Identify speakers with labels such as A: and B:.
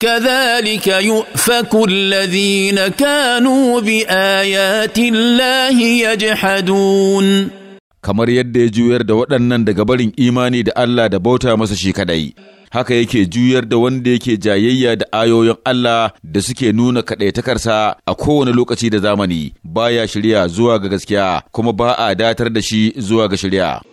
A: كذلك يؤفك الذين كانوا بآيات الله يجحدون
B: kamar yadda ya juyar da waɗannan daga barin imani da Allah da bauta masa shi kaɗai, haka yake juyar da wanda yake jayayya da ayoyin Allah da suke nuna kaɗaitakarsa a kowane lokaci da zamani baya shirya zuwa ga gaskiya kuma ba a datar da shi zuwa ga shirya